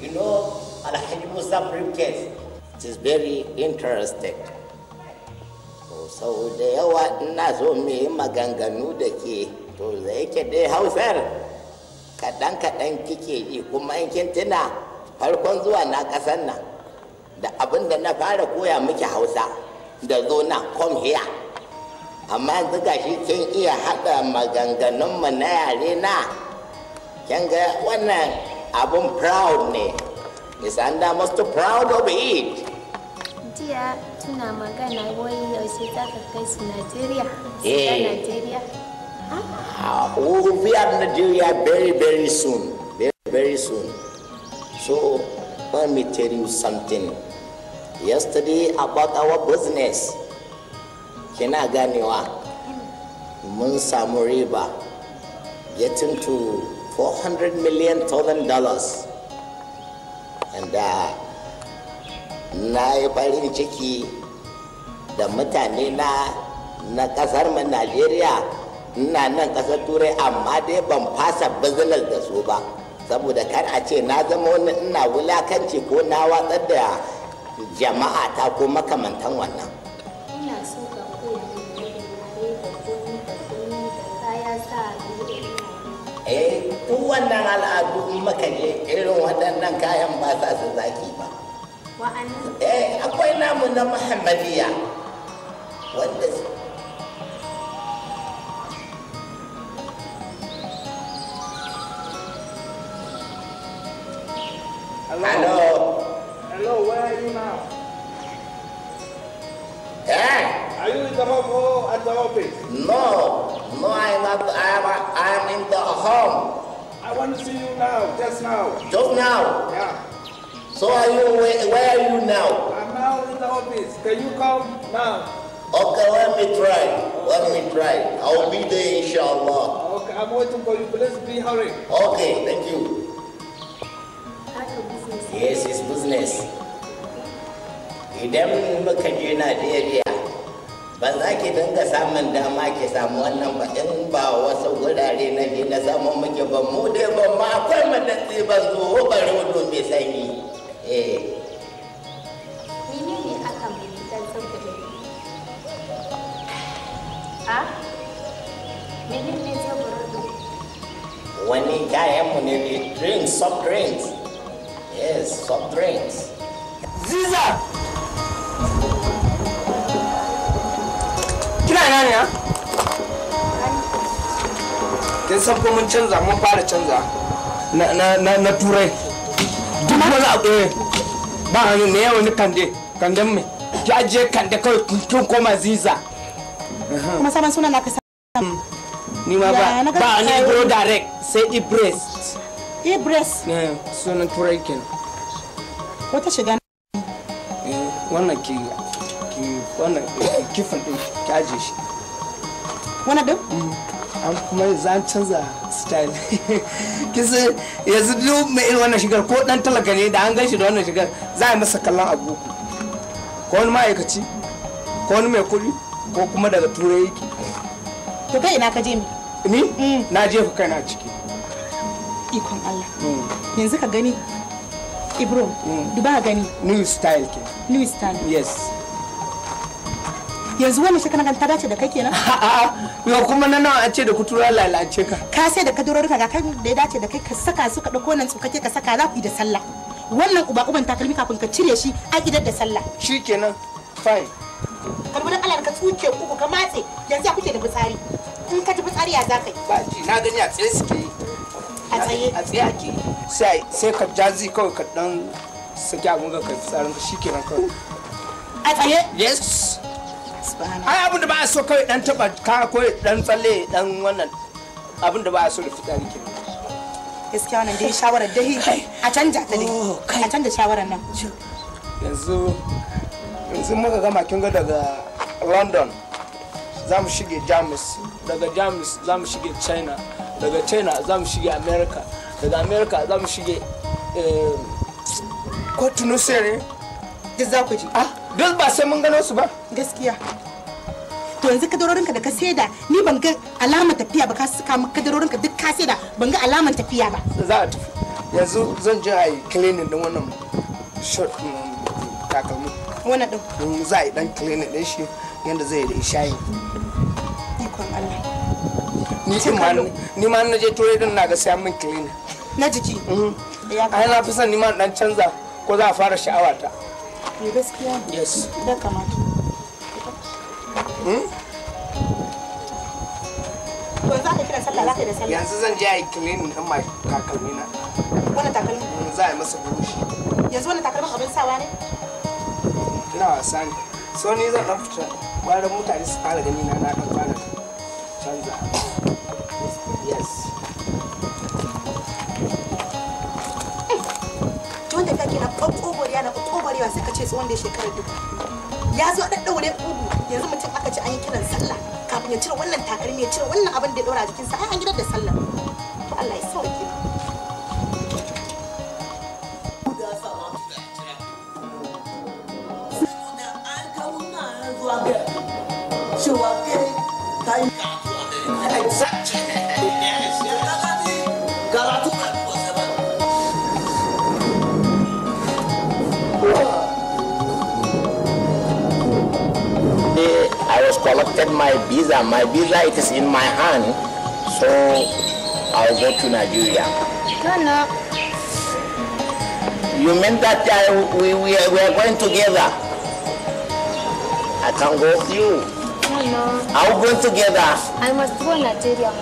You know, Alhaji Musa briefcase. It is very interesting. Sau da yawa ina so mu yi maganganu da ke to da yake dai hausar kaɗan-kaɗan kike yi kuma in kin tuna farkon zuwa na ƙasar nan da abin da na fara koya miki hausa da zo na come here amma yanzu gashi kin iya haɗa maganganunmu na yare na kin ga wannan abun proud ne is anda most proud of it jiya tuna magana wai yaushe za ka kai su nigeria su eh. ga nigeria ah, we will nigeria very very soon very very soon so let me tell you something yesterday about our business kina ganewa mm. mun samu riba getting to 400 million thousand dollars and na yi farin ciki da mutane na na kasar mu najeriya ina nan kasar turai amma dai ban fasa business da su ba saboda kar a ce na zama wani ina wulakanci ko na watsar da jama'a ta ko makamantan wannan eh duk wannan al'adu in maka je irin waɗannan kayan ba sa su zaki ba eh akwai namu na muhammadiya wanda Hello. Hello, where are you now? Yeah. Are you in the home at the office? No, no, I'm not. I'm, I'm in the home. I want to see you now, just now. Just now? Yeah. So are you, where, where are you now? I'm now in the office. Can you come now? Okay, let me try. Let me try. I'll be there, inshallah. Okay, I'm waiting for you. Please be hurry. Okay, thank you. Yes, it's business. you muka je Najeriya, ba za ki not samun dama ki samu wannan ba in ba wasu wurare na je na samu muke ba mai eh wani kayan mu ne drinks soft drinks yes soft drinks ziza kina ina ne ha kin san ko mun canza mun fara canza na na na turai kuma za a ɗaya ba hannu ne yawan ni kande kande mai ki ajiye kande kawai kin koma ziza kuma sabon suna na ka samu hmm. ni ma ba ba ne ibro direct sai ibrest ibrest ne sunan turai kenan wata shiga eh, wannan ki ki wannan eh, kifin din ki ajiye shi wannan din hmm. an kuma zan canza style kisa yanzu duk mai irin wannan shigar ko dan talaka ne da an ganshi da wannan shigar za a yi masa kallon abu ko wani ma'aikaci ko wani mai kuɗi ko kuma daga turai yake to kai ina ka je mi ni mm. na jefa kaina ciki ikon Allah mm. yanzu ka gani Ibro, mm. duba gani. New style ke. New style. Yes. yanzu wani shekara kan ta dace da kai kenan a'a yo kuma nan nawa a ce da kutura lalace ka ka sai da kadurorin ka kan da ya dace da kai ka saka su ka dauko nan tsukake ka saka za ku yi da sallah wannan uba uban takalmi kafin ka cire shi a idar da sallah shikenan fine kamar Allah ka tsuke ku ka matse yanzu ya kuke da fitsari in ka ji fitsari ya za ba ji na gani a tsaye suke yi a tsaye a tsaye ake sai sai ka jazi kawai ka dan saki ga ka tsarin shikenan kawai a tsaye yes ai abin da ba a so kawai dan taba ka kawai dan tsalle dan wannan abin da ba a so da fitar ki gaskiya wannan dai shawarar dai a canja ta dai oh, a canja shawarar nan yanzu yanzu muka gama kin ga daga london za mu shige jamus daga jamus za mu shige china daga china za mu shige america daga america za mu shige ko tunisia ne duk za ku ji ah, duk ba sai mun gano su ba gaskiya to yanzu kadarorinka da ka saida ni ban ga alamar tafiya ba ka saka kadarorinka duk ka saida ban ga alamar tafiya ba za a tafi yanzu zan je a yi cleaning din wannan short takalmi wannan din za a yi dan cleaning din shi yanda zai da ishayi ikon Allah ni din ma ni ma na je tore din na ga sai min cleaning na jiki mhm. ai na fi son ni ma dan canza ko za a fara sha'awata gaskiya yes da kamata To za ka kira sallah za ka da sallah. Yanzu zan je a yi kilinin mai takalmi na. Wani takalmi? Mm, za a yi masa burushi. Yanzu wani takalmin abin sawa ne? Ina wasa ne. So ni zan ɗan fita bayan mutane su fara gani na na ɗan fara canza. Yes. Tun da kake na ƙwaƙwabariya na sai ka ce tsohon da shekarar duka. ya zo dan daure bugu yanzu mutum aka ci an yi kiran sallah kafin ya cire wannan takarmi ya cire wannan abin da ya daura jikinsa ai an gidan da sallah to Allah ya sauke Thank you. collected my visa. My visa, it is in my hand. So I'll go to Nigeria. No, no. You mean that uh, we, we, are, we are going together? I can not go with you. No, no. I'll go together. I must go Nigeria.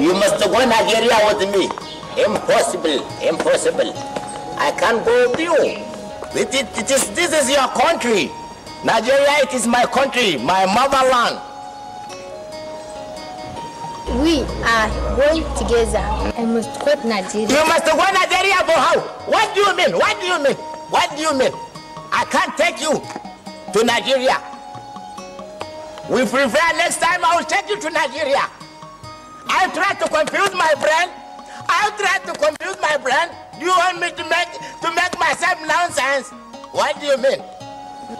You must go Nigeria with me. Impossible, impossible. I can't go with you. It, it, it is, this is your country. Nigeria, it is my country, my motherland. We are going together. I must quit Nigeria. You must go Nigeria, for how? What do you mean? What do you mean? What do you mean? I can't take you to Nigeria. We prefer next time I will take you to Nigeria. I try to confuse my brain. I try to confuse my brain. Do you want me to make to make myself nonsense? What do you mean?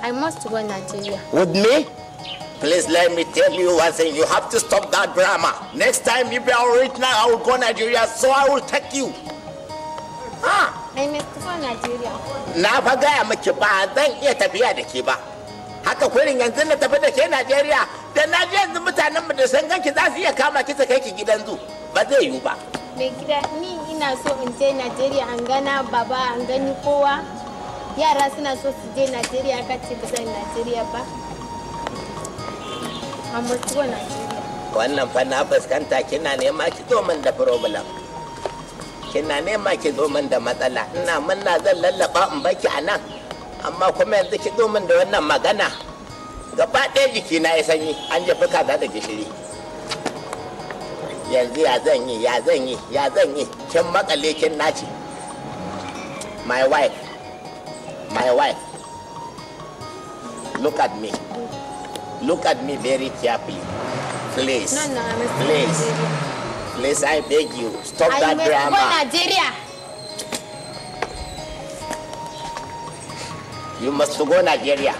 I must go Nigeria. With me? Please let me tell you one thing. You have to stop that drama. Next time you be original, I will go Nigeria, so I will take you. Huh? I must go Nigeria. Na fa gaya miki ba zan iya tafiya da ke ba. Haka kurin yanzu na tafi da ke Najeriya, da na je yanzu mutanen mu da san ganki za su iya kama ki ta kai ki gidan zu. Ba zai yiwu ba. gida ni ina so in je Najeriya an gana baba an gani kowa. yara suna so su je najeriya ka ce ba zan najeriya ba amma tuwa najeriya wannan fa na fuskanta kina nema ki zo min da problem kina nema ki zo min da matsala ina munna zan lallaba in baki a nan amma kuma yanzu ki zo min da wannan magana gaba ɗaya jikina ya sanyi an jefi kaza da gishiri yanzu ya zan yi ya zan yi ya zan yi kin makale kin naci my wife my wife. Look at me. Look at me very carefully. Please. No, no, I'm Please. Please, I beg you. Stop I that drama. Nigeria. You must go Nigeria.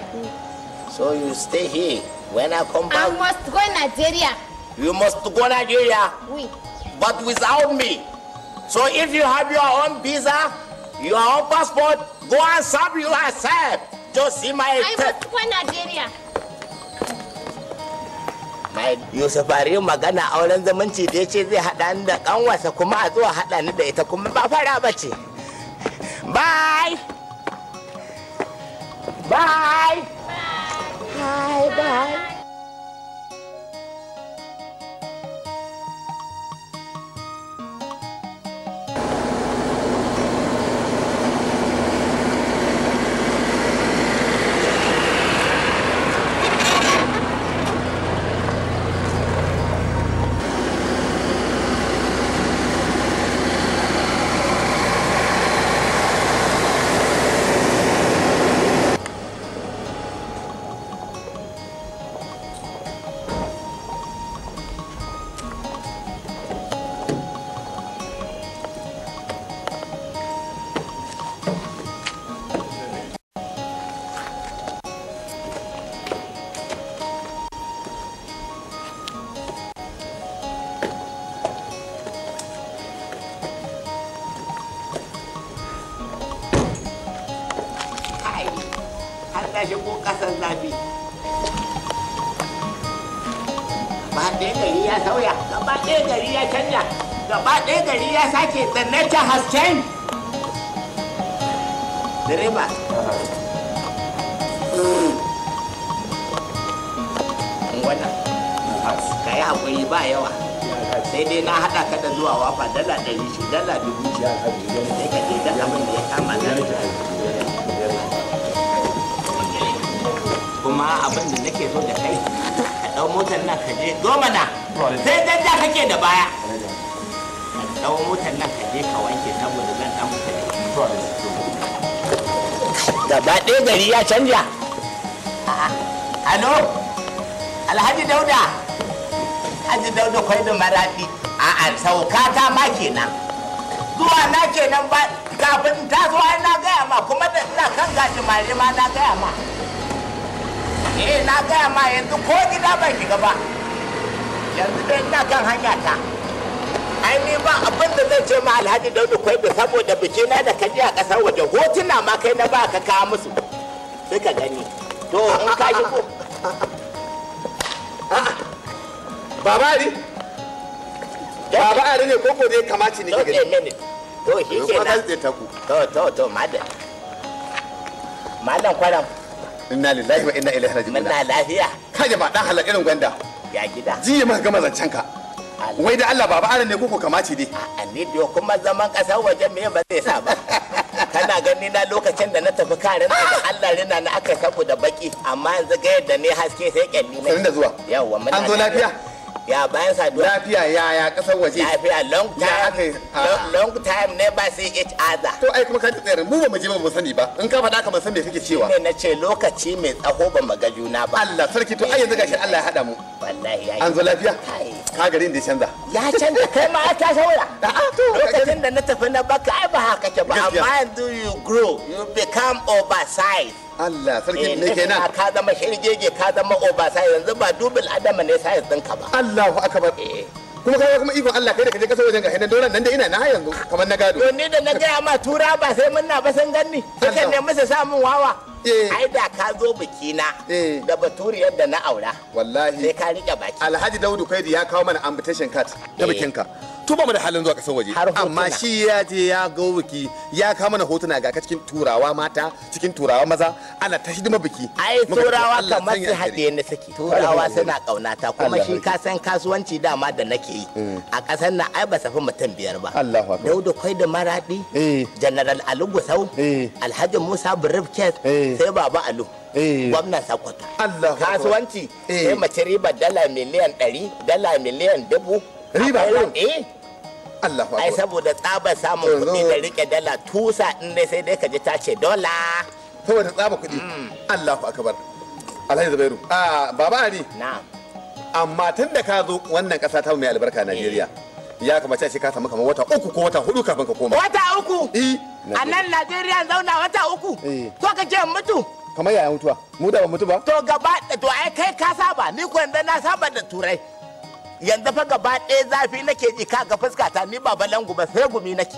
So you stay here. When I come back. I must go Nigeria. You must go Nigeria. Oui. But without me. So if you have your own visa, Your passport, go and serve you yourself. Just see my... I must go Nigeria. Yusuf Ariyu magana auren zamanci da ya ce zai haɗa ni da ƙanwarsa kuma a zuwa haɗa ni da ita kuma ba fara ba ce. Bye! Bye! Bye bye! shigo ƙasar zafi gaba ɗaya gari ya sauya gaba ɗaya gari ya canja gaba ɗaya gari ya sake the nature direba wannan ka yi haƙuri ba yawa sai dai na haɗa ka da zuwa wafa dala ɗari shi dala dubu shi sai ka je dala abin da ya kama na ma abin da nake so da kai ka dau motar nan ka je zo mana sai dan da kake da baya ka dau motar nan ka je ka wanke saboda zan dan mutu gaba ɗaya gari ya canja Alo, Alhaji Dauda, Alhaji Dauda kwai da marafi, a'a sauka ta ma kenan. Zuwa na kenan ba kafin ta zuwa na gaya ma kuma da ina kan gaji mare ma na gaya ma. eh na gaya ma yanzu ko gida ban shiga ba yanzu dai ina kan hanya ta ai ni ba abin da zai ce ma alhaji da kwai da saboda biki na da kaji a kasar waje hotuna ma kai na ba ka kawo musu sai ka gani to in ka yi eh? ko babari babari ne koko dai kamaci ne ke gani eh, to shi ke nan to to to madan madan kwaram inna lillahi wa inna ilaihi raji'un muna lafiya ka ba dan halal irin gwanda ya gida jiya muka gama zancen ka wai da Allah baba aran ne koko kamace dai a ni da kuma zaman kasa waje me ba zai sa ba kana gani na lokacin da na tafi karin da Allah rina na aka da baki amma yanzu ga yadda ne haske sai kyalli ne da zuwa yawa mun an zo lafiya ya bayan saduwa lafiya ya ya kasar waje lafiya long time ah. long time ne ba sai each other to ai kuma ka tsere mu ba mu je ba mu sani ba in ka faɗa ka ban san me kake cewa ne na ce lokaci mai tsaho ba mu na ba Allah sarki to ai yanzu gashi Allah ya hada mu wallahi an zo lafiya ka gari da canza ya canza kai ma ta saura ah, lokacin da na tafi na baka ai ba haka ke ba amma yanzu you grow you become oversized Allah sarkin ne eh, kenan eh, ka zama shirgege ka zama obasa yanzu ba dubil adama ne sai ka ba Allahu akbar eh, kuma kai kuma ikon Allah kai da kaje kasa wajen ga hinan doran nan da ina na yanzu kamar na gado to ni da na gaya ma tura ba sai mun na ba san ganni kake ne musu samun wawa ai da ka zo bikina da baturi yadda na aura wallahi sai ka rike baki Alhaji Daudu Kaidi ya kawo mana invitation card da bikinka tuba mu da halin zuwa kasan waje amma shi ya je ya ga biki ya kama mana hotuna ga ka cikin turawa mata cikin turawa maza ana ta hidima biki ai turawa kamar su hade ne saki turawa suna ta kuma shi ka san kasuwanci dama da nake yi mm. a kasan na ai ba safi mutum biyar ba dauda kwai da maradi eh. general ali gusau eh. alhaji musa birifket eh. sai baba alu gwamnan sakwata kasuwanci sai mace riba dala miliyan ɗari dala miliyan dubu riba eh ai saboda tsaba samun kuɗi da rike dala tusa in dai sai dai ka ji ta ce dola saboda tsaba kuɗi mm. Allahu akbar Alhaji Zubairu ah baba Ali na'am amma tun da ka zo wannan ƙasa ta mai albarka Najeriya ya kamata ce ka samu kamar wata uku ko wata hudu kafin ka koma wata uku a nan Najeriya zauna wata uku eh. to ka ce mutu kamar yaya mutuwa mu da ba mutu ba to gaba to ai kai ka saba ni ko na saba da turai yanzu fa gaba ɗaya zafi nake ji fuska fuskata ni ba balangu ba sai gumi nake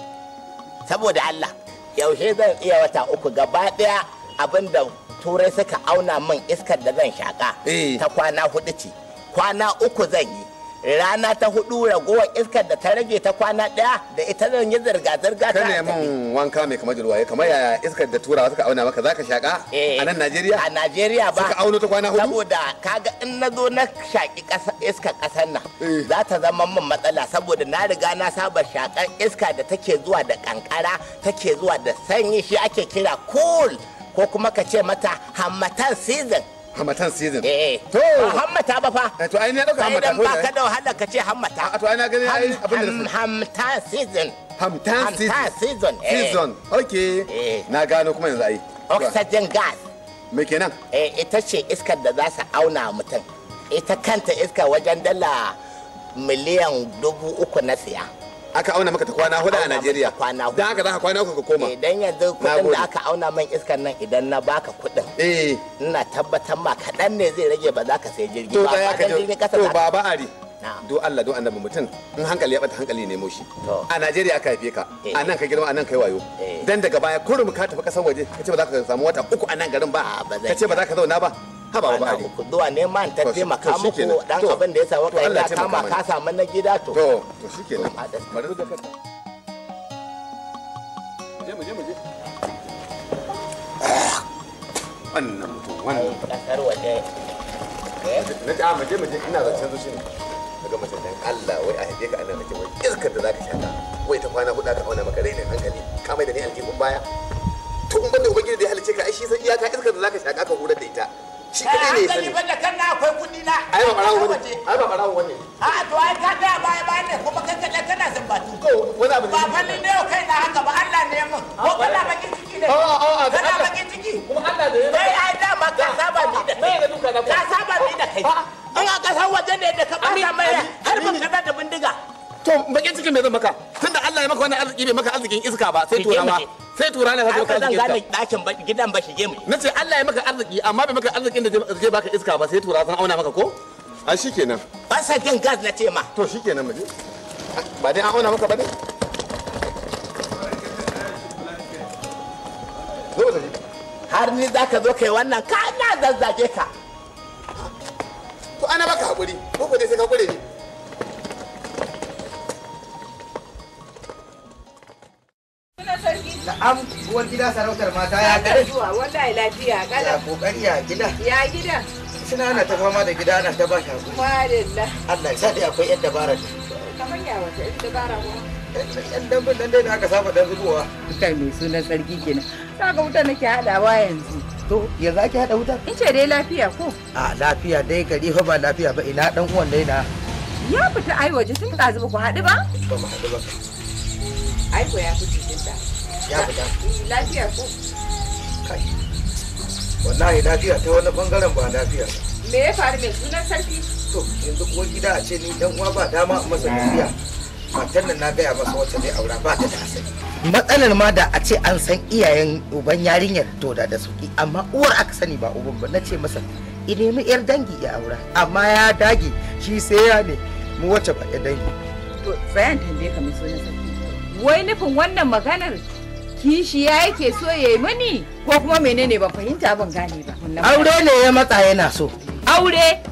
saboda Allah yaushe zan iya wata uku gaba ɗaya abin da turai suka auna min iskar da zan shaka eh. ta kwana hudu ce kwana uku zan yi rana ta hudu ragowar iskar da ta rage ta kwana daya da ita zan yi zirga-zirga ta ne mun wanka mai kamar jirwaye kamar ya iskar da turawa suka auna maka zaka shaka eh, a nan Najeriya a Najeriya ba suka auno ta kwana hudu saboda kaga in na zo na shaki iskar kasar nan eh. za ta zama min matsala saboda na riga na saba shakar iska da take zuwa da kankara take zuwa da sanyi shi ake kira cool ko kuma ka ce mata hammatan season hamatan season eh, eh. to hamata ba fa eh, to ai ne dauka hamata ko ba ka da wahala ka ce hamata. to ai na gani ai abin da hamatan season hamatan season season eh. okay na gano kuma yanzu ai oxygen gas me kenan eh ita ce iskar da za su auna mutum ita kanta iska wajen dala miliyan dubu uku na siya aka auna maka ta kwana hudu a Najeriya kwana hudu dan haka za ka kwana uku ka koma idan yanzu kudin da aka auna man iskar nan idan na baka kudin eh ina tabbatar ma kadan ne zai rage ba za ka sai jirgi ba ka jirgin kasa to baba ari do Allah do annabi mutum in hankali ya bata hankali nemo shi a Najeriya aka haife ka eh. a nan ka girma a nan kai wayo eh. dan daga baya kurum ka tafi kasar waje kace ba za ka samu wata uku a nan garin ba kace ba za ka zauna ba haba ba ne zuwa neman ta taimaka muku dan abin da ya samu kai ka kama ka samu na gida to to to shikenan bari da je mu je mu je mutum wannan kasar waje eh? na ta ah, mu je mu je ina daga Allah wai a haife ka anan nake wai iskar da zaka shaka wai ta kwana huda ka auna maka rainin hankali ka mai da ni aljihun baya tun ubangiji da ya halice ka ai shi iyaka iskar da zaka shaka ka da ita shi kadai ne sani ban da kan na akwai kudi na ai ba barawo bane ai ba barawo wani. a to ai ka da baya baya ne kuma kai kadai kana zambatu ko wani abu ba fanni ne o kai na haka ba Allah ne mun ko kana baki ciki ne a a a kana baki ciki kuma Allah ne kai ai da ma ka saba ni da kai ka saba ni da kai an a kasar waje ne da ka bata mai harbin kada da bindiga to bakin cikin me zan maka tunda Allah ya maka wannan arziki bai maka arzikin iska ba sai turawa sai tura ne zaka kai gidan dakin gidan ba shige mu nace Allah ya maka arziki amma bai maka arzikin da zai baka iska ba sai tura san auna maka ko a shikenan ba sa jin gas na ce ma to shikenan mu je ba dai an auna maka ba dai har ni za ka zo kai wannan ka na zazzage ka to ana baka hakuri ko ko dai sai ka kure ne Na'am, uwar gida sarautar mata ya kai. Zuwa wallahi lafiya kala. Ya kokari ya gida. Ya gida. Suna ana ta fama da gida ana ta ba shi hakuri. Madalla. Allah ya d'a akwai yan dabara. Kamar ya wata yan dabara kuma. Yan dambun nan dai da aka saba dan zubowa. Mutane mai sunan sarki kenan. Saka wutan nake haɗawa yanzu. To, ya za ki haɗa wutan? In ce dai lafiya ko? A lafiya dai gari fa ba lafiya ba ina ɗan uwan dai na. Ya fita ai waje tun ɗazu ba ku haɗu ba? Ba mu haɗu ba. Ai ko ya fita tun ɗazu. ya fita eh, lafiya ko kai wallahi lafiya ta wani bangaren ba lafiya me ya faru mai sunan sarki to yanzu ko gida a ce ni dan uwa ba dama masa tafiya matan nan na gaya masa wacce zai aura ba ta da asali matsalar ma da a ce an san iyayen uban yarinyar to da da sauki amma uwar aka sani ba uban ba na ce masa i nemi yar dangi ya aura amma ya dage shi sai ya ne mu wacce ba ya dangi to tsayan tambaye ka mai sunan sarki wai nufin wannan maganar kishiya yake so ya yi mani ko kuma menene ba fahimta ban gane ba aure ne ya matsa yana so aure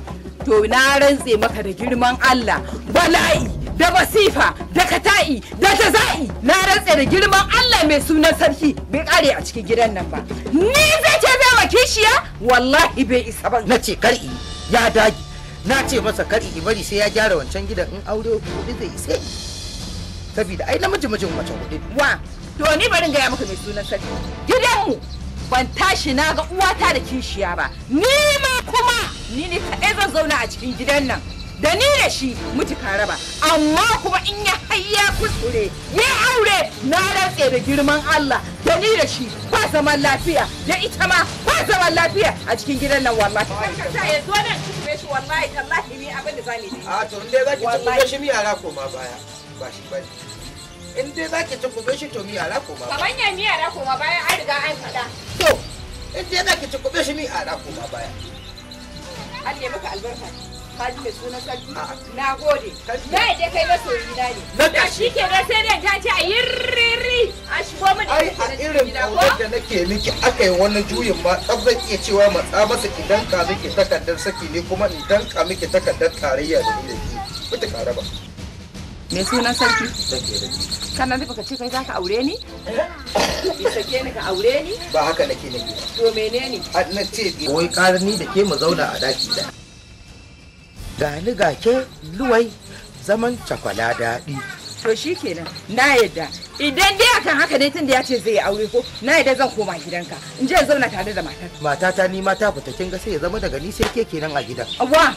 to na rantse maka da girman Allah bala'i da masifa da kata'i da taza'i na rantse da girman Allah mai sunan sarki bai kare a cikin gidan nan ba ni zai ce zai wa kishiya wallahi bai isa ba na ce kar'i ya dagi. na ce masa kar'i bari sai ya gyara wancan gidan in aure kuɗi zai isa saboda ai namiji mijin mace kuɗi wa To ni barin gaya maka mai sunan sani. Gidanmu ban tashi na ga uwata da kishiya ba. Ni ma kuma ni ne kaɗai zan zauna a cikin gidan nan. Da ni da shi mutuka raba. Amma kuma in ya hayya kuskure ya aure na rantse da girman Allah. Da ni da shi ba zaman lafiya. Da ita ma ba zaman lafiya a cikin gidan nan wallahi. Kanka ya zo nan shi wallahi tallahi ni abin da zamu yi. A to in dai zaki tukume shi mi na koma baya. Ba shi ba in dai za ki ci ku shi to miya ra koma ba. Kamar ya miya ra koma baya an riga an faɗa. To in dai za ki ci ku shi miya ra koma baya. Allah ya maka albarka. Kaji mai suna sarki. Na gode. Na yadda kai masoyi na ne. Da shi ke ga sai dan ta ce a yirriri. An shigo mu da Ai a irin kaunar da nake miki aka yi wani juyin ma tsaf zan iya cewa matsa masa ki danka miki takardar saki ne kuma in danka miki takardar tarayya da ilimi. Mutu ka ba. me sunan sarki kana nufi ka ce kai za ka aure ni eh. ki sake ni ka aure ni ba haka nake nake to menene na ce wai karni da ke mu zauna a daki da gani ga ke luwai zaman cakwala daɗi to shi kenan na yadda idan dai akan haka ne tun da ya ce zai yi aure ko na yadda zan koma gidanka in je zauna tare da matar matata ni ma ta fita kin ga sai ya zama daga ni sai ke kenan a gidan awwa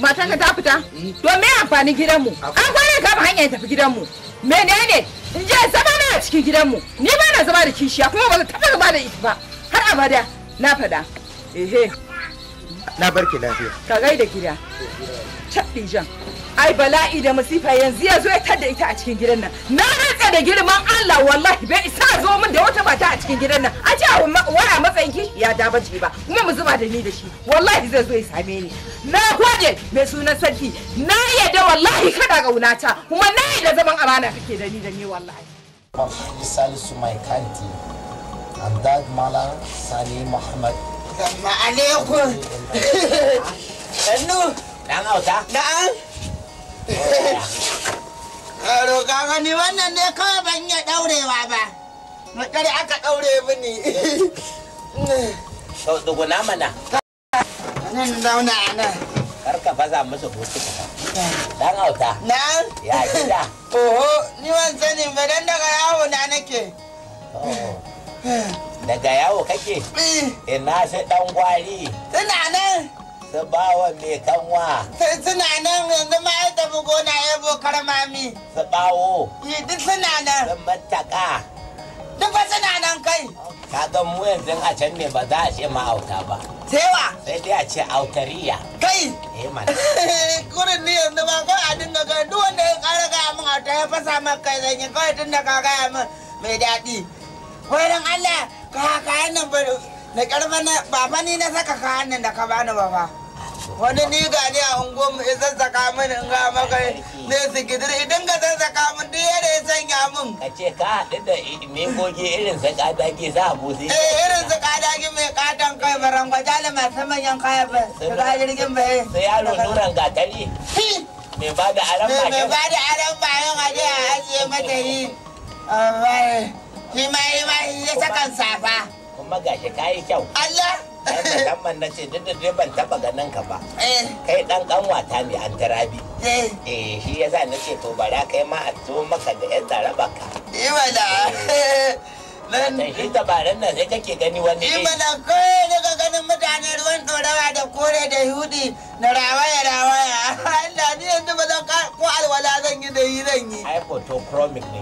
matan ka ta fita to me amfanin gidanmu an kware ka ba hanya tafi gidanmu menene in je zama na a cikin gidanmu ni ba na zama da kishiya kuma ba ta taba zama da ita ba har abada na faɗa ehe na barke lafiya ka gaida gida caɗi jan ai bala'i da masifa yanzu ya zo ya da ita a cikin gidan nan na rantsa da girman Allah wallahi bai isa zo min da wata mata a cikin gidan nan a ce waya matsayin ki ya dabace ba kuma mu zuba da ni da shi wallahi zai zo ya same ni na gode mai sunan sarki na yadda wallahi kada gaunata kuma na yadda zaman amana kake da ni da ni wallahi Salisu Mai Kanti and that Sani Muhammad Assalamu alaikum. Karo wannan ne kawai ban iya daurewa ba. aka daure mana. Nan Kar ka baza musu Ya gida. Oho, ni wancan ba dan daga yawo na nake. Oh. daga yawo kake eh. ina sai dan gwari suna nan su bawa mai kanwa suna nan yanzu ma yadda mu gona ya bokar mami su bawo eh, duk suna nan su mataka duk ba suna nan kai ga mu yanzu a can ne ba za a ce ma auta ba sewa sai dai a ce autariya kai eh mana kurin ne yanzu ba kai a dinga ga duk wanda ya kara ga mun auta ya fasa maka kai zan yi kai tun da ka ga mun mai daɗi horon Allah ka kayan nan ba na karfa na baba ni na saka kayan nan da ka bani baba wani ni ga ni a unguwar mu ya zazzaka min in ga maka ne su gidir idan ka zazzaka min duk yadda ya sanya min ka ce ka haɗu da mingogi irin su kadaki za a busi eh irin su kadaki mai katon kai baran gwajala masu manyan kaya ba su ga jirgin ba eh su yaro nuran gatari mai ba da aran bayan mai ba da aran bayan a je a ajiye mata yi Ni ma yi ma ya sakan safa. Kuma gashi ka yi kyau. Allah. Musamman na ce duk da ban taɓa ganin ka ba. Eh. Kai ɗan ƙanwata ne an tarabi. Eh. eh shi ya sa na ce to bara kai ma a zo maka da yan taraba ka. Imana. Eh. Nan shi tabaran nan sai kake gani wani. Imana kawai daga ganin mutane ruwan ɗorawa da kore da hudi na rawaya rawaya. Allah ni yanzu ba zan ko alwala zan yi da yi zan yi. Ai photochromic ne.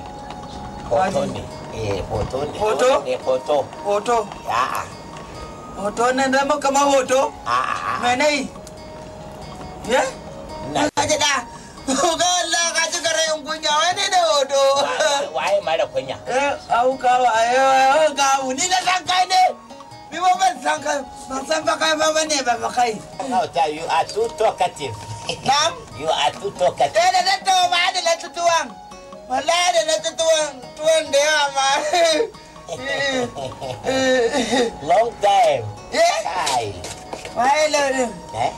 hoto. ne. Eh, hoto ne. Hoto? Ne hoto. Hoto? A'a. Hoto nan da maka ma hoto? A'a. Me nai? Ye? Na kaji da. Ga Allah ka ji gare in kunya wani da hoto. Waye mara kunya? Eh, au ka wa ayo au ka ni na san kai ne. Bi ba ban san kai, ban san ba kai ba bane ba ba kai. Now tell you are too talkative. Ma'am? You are too talkative. Eh, da da to ba da la tutuwan. wala da na ci tuwon da yawa ma long time kai waye laurin eh?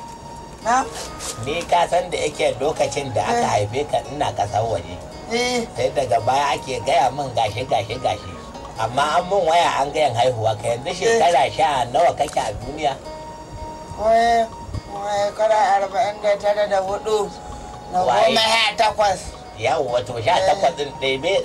ni ka san da yake lokacin da aka eh. haife ka ina kasar waje eh. sai daga baya ake gaya min gashi gashi gashi amma an mun waya an gayan haihuwa ka yanzu shekara sha nawa kake a duniya shekara arba'in da tara da hudu na goma ya takwas yawo wato sha takwas din, ɗebe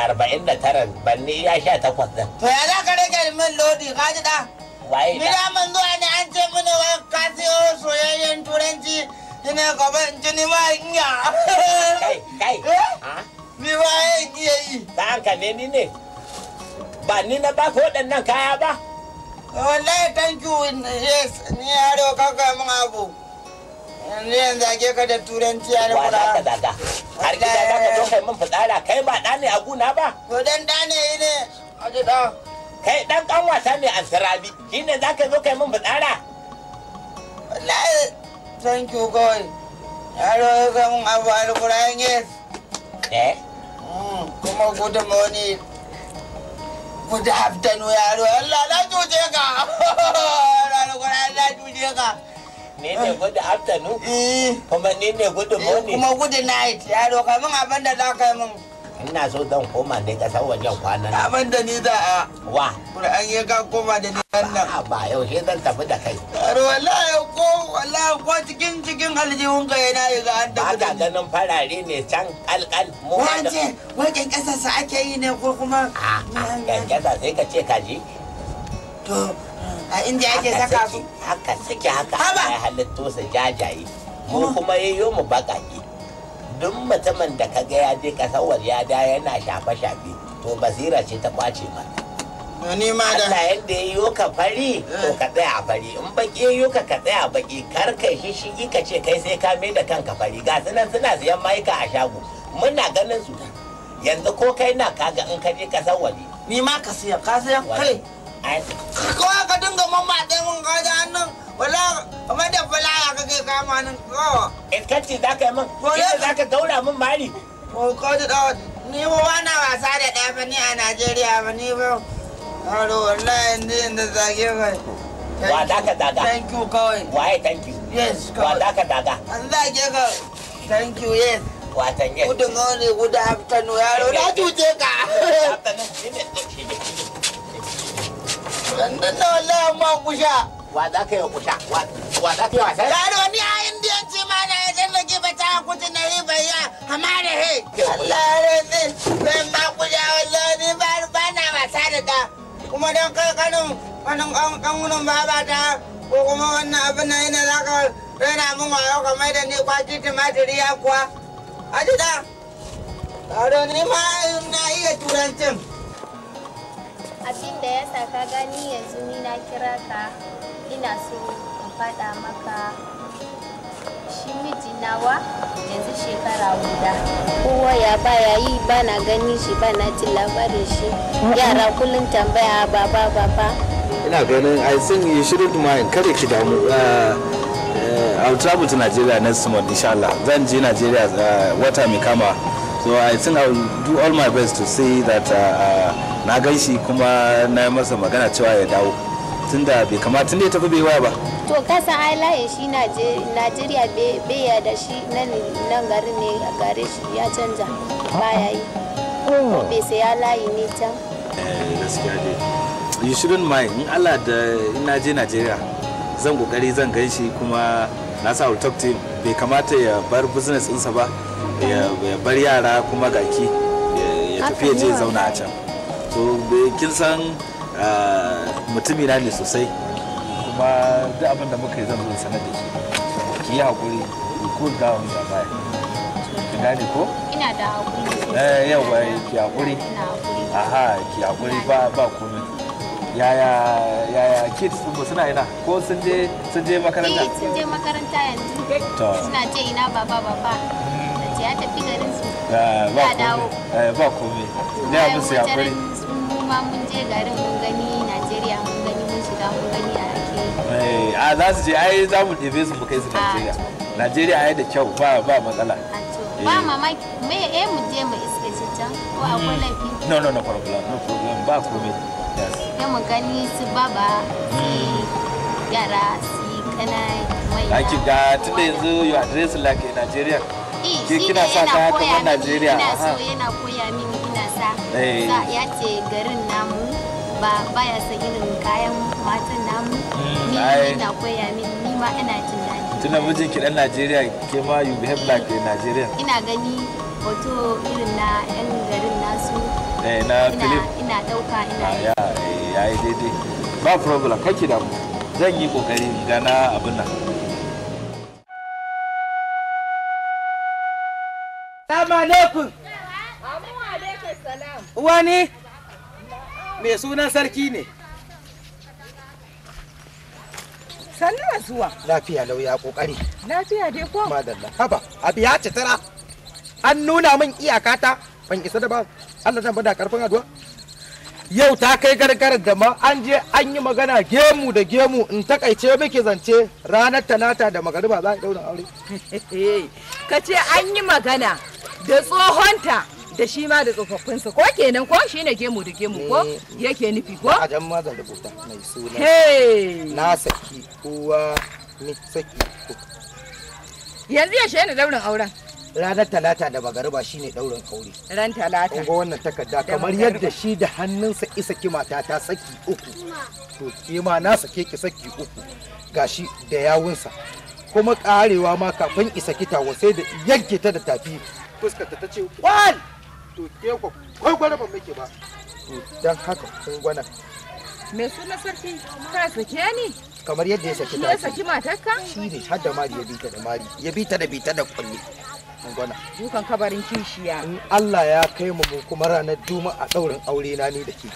arba'in da tara banne ya sha takwas din. to ya za ka rage min lodi ka ji da. waye da. mira man zuwa ne an ce mini wa ka siyo soyayyen turanci ina gaba in ji ni ma in ya. kai kai. Eh? Ah? ni ma in iya yi. ta hanka ne ni ne. ba ni na ba ko waɗannan kaya ba. wallahi thank you yes ni yaro kaka min abu. yanzu yanzu ake ka da turanci ya nufura wa ka zaga har gida za ka zo kai min fitsara kai ba ɗa ne a guna ba to dan ɗa ne yi ne a ji ɗan kai ɗan ƙan wasa ne an sirabi shi ne za ka zo kai min fitsara wallahi thank you kawai yaro ya ga mun abu alƙur'an yes eh mm, kuma gudun wani good afternoon yaro Allah na cuce ka ranar kwanan na cuce ka ni ne good afternoon eh. kuma ni ne good eh, morning kuma good night yaro kai min abin da za ka yi min ina so zan koma ne kasar wajen kwanan abin da ni za a wa an yi ka koma da ni wannan ba yau shi zan tafi da kai yaro wallahi ko wallahi ko cikin cikin aljihun ka yana yi ga an tafi da ni ganin farare ne can kalkal mu wace wajen kasarsa ake yi ne ko kuma a ah, kasarsa ah, sai ka ce kaji to a inda yake saka su haka suke haka ya halitto su jajaye mu kuma yayyo mu bakaki duk mutumin da kaga ya je kasawar ya da yana shafe shafe to basira ce ta kwace mana ni ma da Allah yadda ya yi ka fari to ka tsaya a fari in baki ya yi ka ka tsaya baki kar ka shi ka ce kai sai ka mai da kanka fari ga sunan suna siyan mayuka a shago muna ganin su yanzu ko kai na kaga in ka je kasar ni ma ka siya ka siya kai kawai ka dinga mamata mun ka da hannun wala kamar da falaya kake kama nan kawai inkanci za ka yi min yadda za ka daura min mari ko ka da dawa ni ba wana wasa da ɗaya ba a najeriya ba ni ba haro wallahi ni inda zage kai wa da ka daga thank you kawai waye thank you yes kawai wa da ka daga an zage ka thank you yes watan yes good morning good afternoon yaro na cuce ka Yanzu da wallahi ma kusha. Wa za ka yi kusha? Wa za ka yi wasa? Yaro ni a indiyanci ma na yi na ba ta kuti na yi bayya amma da he. Allah ya ne zan ma kusha wallahi ni ba na wasa da da. Kuma don kai kanin kanin kanunan baba ta ko kuma wannan abin na yana za ka raina min wayo kamar da ni kwaki tumatiri ya kuwa. Aji da. Yaro ni ma na iya turancin. abin da ya sa ka gani yanzu ni na kira ka ina so in faɗa maka shi miji nawa yanzu shekara guda kowa ya ba ya yi ba na gani shi ba na ji labarin shi yara kullum tambaya baba baba ina ganin i think you shouldn't mind kare ki damu uh, uh, I'll travel to Nigeria next month inshallah zan je Nigeria uh, wata mai kama so i think i will do all my best to say that uh, uh, na gan shi kuma na masa magana cewa ya dawo tunda bai kamata tunda ya tafi bai waya ba to kasan ai laye shi nigeria bai ya da shi nan garin ne a gare shi ya canza baya yi ko oh. bai sai ya layi ne can eh, gaskiya you shouldn't mind in allah da in na je nigeria zan kokari zan gan shi kuma na sa will talk to him bai kamata ya bar business insa ba ya bar yara kuma gaki ya tafi ya je zauna a can so kin san ah, mutumi na ne sosai kuma duk abin da muka yi zan zo sanar da shi ki yi hakuri ku ko ga wani da baya ki gane ko ina da hakuri eh yawa ki hakuri aha ki hakuri ba ba komai yaya yaya kids din ba suna ina ko sun je sun je makaranta sun je makaranta yanzu to suna ce ina baba baba ya tafi garin su eh, ba dawo eh, ba komai ne abu sai hakuri mu ma mun je garin mun gani Najeriya mun gani mun shiga mun gani a ake eh, a za su je ai za mu ɗebe su mu kai su ah, Najeriya Najeriya ai da kyau ba matsala ah, ba mamaki me eh mu je mu iske shi can ko hmm. akwai laifi no no no problem no problem ba kome. yes sai mu gani su baba hmm. yara su kana mai ake ga tunda yanzu you address like in Nigeria ke kina sa kaya kamar Najeriya ina so yana koya mini ina eh. sa ya ce garin namu ba baya sa irin kayan matan namu hmm. ni ina koya mini ni ma ina jin daɗi tunda mijin ki dan Najeriya ke ma you behave like a Nigerian ina gani hoto irin na yan garin nasu eh na Philip ina dauka ina ah, ya eh, yayi daidai ba problem kake da mu zan yi kokari gana abin nan Assalamu alaikum. Wani? Mai sunan sarki ne. Sannu zuwa. Lafiya lauya kokari. Lafiya dai ko? Madalla. Haba, abu ya ci An nuna min iyakata ban isa da ba. Allah zan bada karfin addu'a. Yau ta kai gargara da ma an je an yi magana gemu da gemu in takaice muke zance ranar talata da magariba za a daura aure. Ka ce an yi magana. da tsohonta da shi ma da tsofaffinsa ko kenan ko shi ne gemu da gemu ko eh, yake nufi ko a jan mazan rubuta mai suna na saki kowa ni saki ko yanzu ya shaina daurin auren ranar talata da magariba shine daurin aure ran talata kun wannan takarda kamar yadda shi da hannunsa isa kimata ta saki uku to kima na sake ki saki uku gashi da yawunsa kuma karewa ma kafin isa kitawa sai da yanke ta da tafi fuskar ta ce kwal to ke ko kai gwana ban muke ba to dan haka kun gwana me suna sarki ka sake ni kamar yadda ya saki ta ya saki matarka shi ne har da mari ya bita da mari ya bita da bita da kulli gwana dukan kabarin kishiya in Allah ya kai mu kuma ranar a daurin aure na ne da ke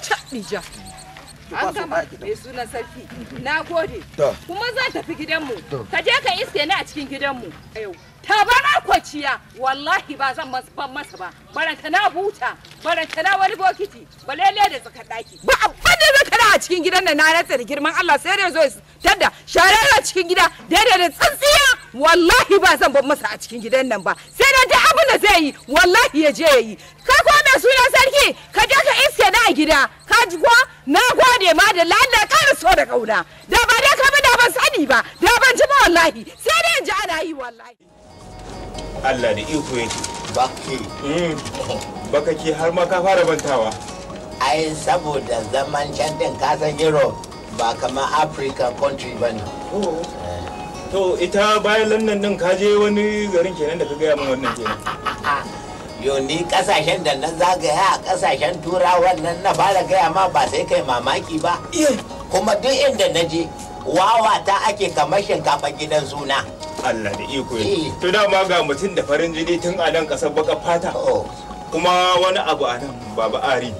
tabija mm. an gama mai sunan sarki na gode kuma za tafi fi gidanmu ka je ka iske ni a cikin gidanmu yau ta bana kwaciya wallahi ba zan ban masa ba baranta na buta baranta na wani bokiti lele da tsaka daki ba abin da zaka da a cikin gidan nan na rasa da girman Allah sai da zo tadda sharara cikin gida daidai da tsantsiya wallahi ba zan ban masa a cikin gidan nan ba sai da duk abin da zai yi wallahi ya je ya yi ka ko mai suna sarki ka je ka iske na gida ka ji ko na gode ma da lalla ka so da kauna da ba da ka ba da ban sani ba da ban ji ba wallahi sai dai in ji ana yi wallahi Allah da iko yake baki hmm. ka ke har ma ka fara bantawa ai saboda zaman can din ka san Europe ba kamar africa country ba ne to ita bayan lannan din ka je wani garin kenan da ka gaya min wannan kenan yoni kasashen da nan zagaya a kasashen tura wannan na fara gaya ma ba sai kai mamaki ba kuma duk inda na je wawa ta ake kamar shinkafa gidan suna Allah da iko ya eh. to dama ga mutum da farin jini tun a nan kasar baka fata oh. kuma wani abu a nan baba ari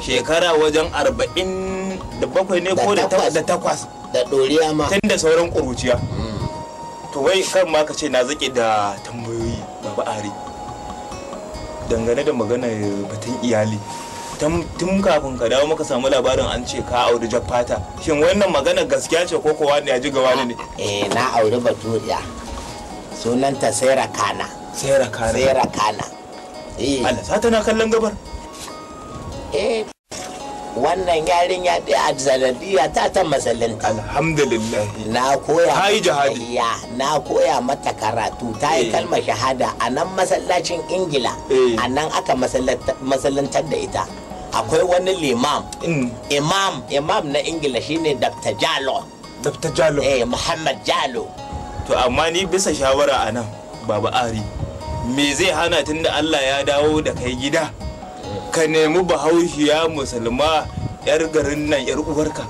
shekara wajen arba'in da bakwai ne ko da takwas da doriya ma tun da sauran ƙuruciya hmm. to wai kan ma ka ce na zaƙe da tambayoyi baba ari dangane da maganar batun iyali tun kafin ka dawo maka samu labarin an ce ka auri jaffata shin wannan magana gaskiya ce ko kowa ne ya ji gawa ne eh na auri baturiya sunanta saira kana saira kana saira kana eh Allah sa tana kallon gabar eh wannan yarinya ɗaya a zanadiya ta ta masallin alhamdulillah na koya ta yi jihadi ya na koya mata karatu ta yi eh. kalmar shahada a nan masallacin ingila eh. a nan aka masallantar da ita akwai wani limam mm. imam imam na ingila shine dr jalo dr jalo eh muhammad jalo to amma ni bisa shawara a nan baba ari me zai hana tunda allah ya dawo da kai gida ka nemi bahaushiya musulma yar garin nan yar uwarka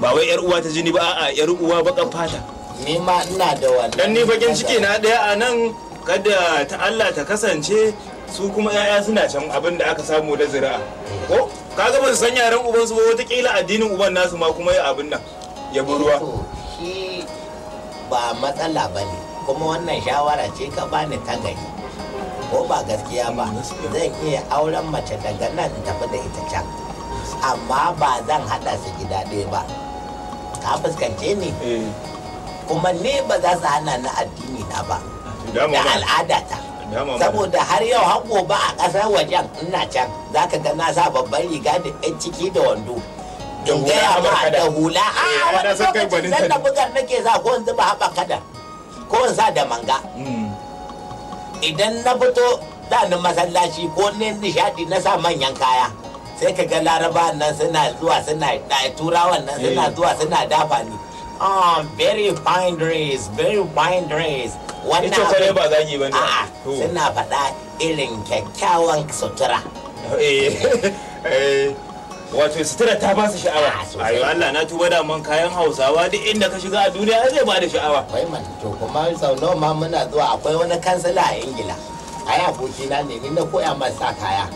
ba wai yar uwa ta jini ba a'a yar uwa bakan fata ni ma ina da wannan dan ni bakin ciki na daya a nan kada ta Allah ta kasance su kuma 'ya'ya suna can abin da aka samu da zira'a ko kaga ba su san yaren uban su ba wataƙila addinin uban nasu ma kuma ya abin nan ya bi ruwa shi ba matsala ba ne kuma wannan shawara ce ka bani ta gani ko ba gaskiya ba zan iya auren mace daga nan tafi da ita can amma ba zan haɗa su gida ɗaya ba ka fuskance ni eh. kuma ne ba za su hana na addini na ba da al'ada ta saboda har yau har gobe a ƙasar wajen ina can za ka ga na sa babban riga da ɗan ciki da wando in gaya ma da hula eh, ah, a wani lokacin zan da bugar nake sa ko in zuba haɓa kada ko in sa da manga hmm. idan na fito da ni masallaci ko ne nishadi na sa manyan kaya sai ka ga laraba nan suna zuwa suna turawan nan suna eh. zuwa suna dafa ni. Oh, very fine dress, very fine dress. wannan ita kare ba zagi ba ne a'a suna faɗa irin kyakkyawan sutura eh, eh, wato sutura ta ba su sha'awa ayo Allah na tuba da mun kayan Hausawa duk inda ka shiga a duniya zai ba da sha'awa akwai man to kuma sau nawa ma muna zuwa akwai wani kansila a Ingila ai aboki na ne ni na koya masa kaya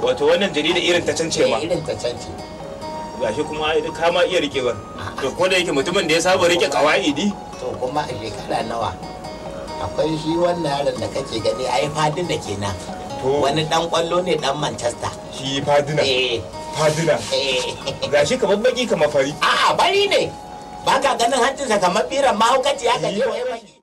wato wannan jarida irin ta cance ma eh, irin ta cance gashi kuma kama iya rike ba to ko da yake mutumin da ya saba rike kawaidi to kuma shekara nawa akwai shi wannan yaron da kake gani ai fadina kenan wani dan kwallo ne dan manchester shi fadina eh. fadina eh. ga shi kamar baki kamar fari a'a bari ne ba ka ganin hancinsa kamar biran mahaukaci aka je wa baki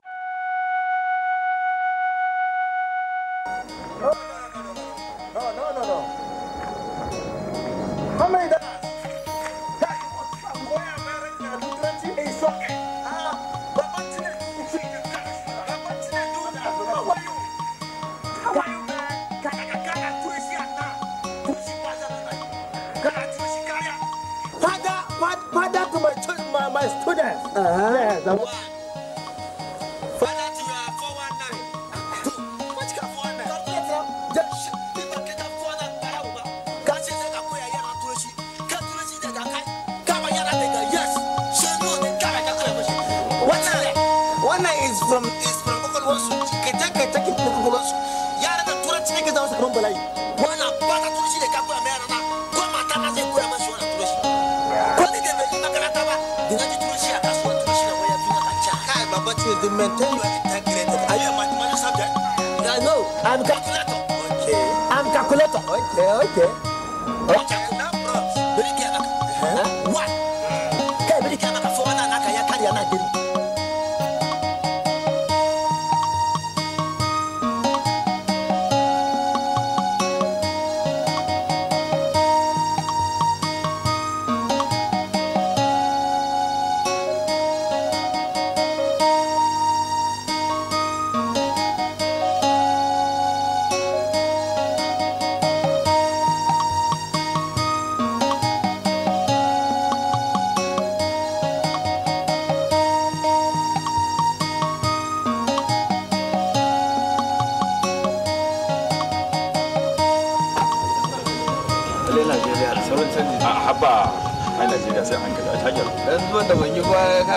is from yara a maintain your integrity are you subject no i'm calculator okay i'm calculator okay okay okay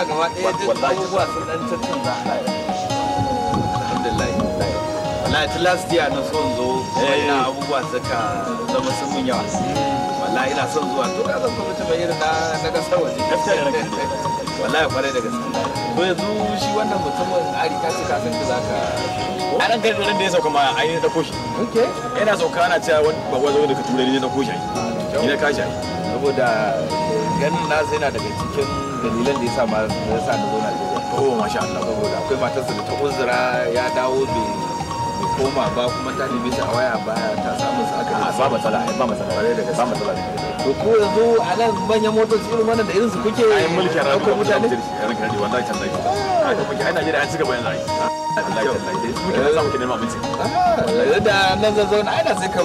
duniya gaba ɗaya duk abubuwa sun ɗan alhamdulillah wallahi ta last year na son zo wannan eh. abubuwa suka zama sun mun yawa wallahi ina son zuwa to ka zan kuma ta bayyana na kasar waje wallahi kwarai da gaske to yanzu shi wannan mutumin ari ka ce ka zaka a ran kai da ya sauka ma yi na dauko shi yana sauka ana cewa wani babba zo da ka na dauko shi ai kashi saboda ganin na sai daga cikin dalilan da yasa ba da yasa da zo Najeriya oh masha Allah saboda akwai matarsa da ta uzura ya dawo bai koma ba kuma ta nemi shi a waya baya ta samu sa aka ba matsala ba matsala bare da ba matsala to ko yanzu a nan manyan motoci irin wannan da irin su kuke ai mulkin ranar mutane wallahi tallahi da muke ai ka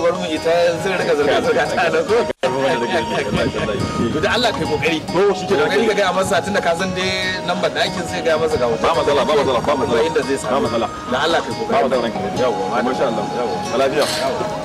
bar mu Allah kai kokari ko shi ke kokari ka ga masa tunda ka san dai lambar ɗakin sai ga masa ga ba matsala ba matsala ba matsala inda zai ba matsala da Allah kai kokari ba matsala yawa Allah yawa lafiya